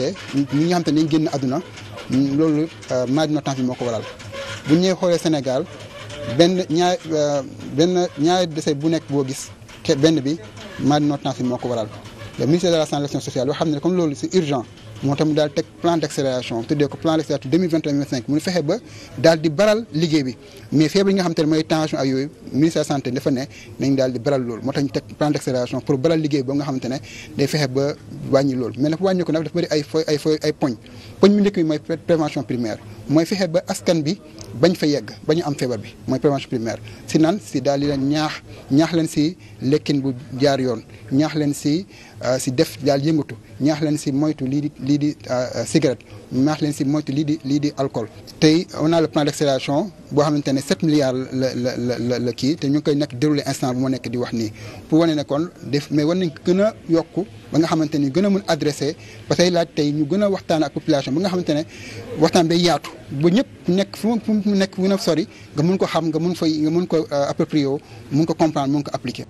toppee ñi xam te ne génn àdduna loolu euh, maladie no temps bi moo ko waral bu ñuy xoolee Sénégal benn ñaar euh, benn ñaari décès bu nekk boo gis te benn bi maladie no temps bi moo ko waral le de la santé et sociale yoo xam ne comme loolu c'est urgent moo tamit daal teg plan d' accélération tuddee ko plan d' accélération 2021 2025 mu fexe ba daal di baral liggéey bi mais feebar yi nga xam te ne mooy tension ak yooyu ministère santé dafa ne nañ daal di baral loolu moo tax ñu teg plan d' accélération pour baral liggéey boobu nga xam te ne day fexe ba wàññi loolu mais nag wàññi ko nag dafa bëri ay fooy ay fooy ay poñ poñ mu njëkk bi mooy prévention primaire mooy fexe ba askan bi bañ fa yegg ba ñu am feebar bi mooy prévention primaire si naan si daal di leen ñaax ñaax leen si lekkin bu jaar yoon ñaax leen si euh, si def daal yëngatu ñaax leen si moytu lii di lii di euh, euh, cigarette ñaax leen si moytu lii di lii di alcool. tey on a le plan d' accélération boo xamante ne 7 milliards la la la la kii te ñu koy nekk déroulé instant bu ma nekk di wax nii pour wane ne kon def mais war nañ gën a yokk ba nga xamante ni gën a mun adressé ba que laaj tey ñu gën a waxtaan ak population ba nga xamante ne waxtaan bay yaatu ba ñëpp nekk fu mu nekk fu mu sori nga mun ko xam nga mun fay nga mun ko euh, approprier mun ko comprendre mun ko appliquer.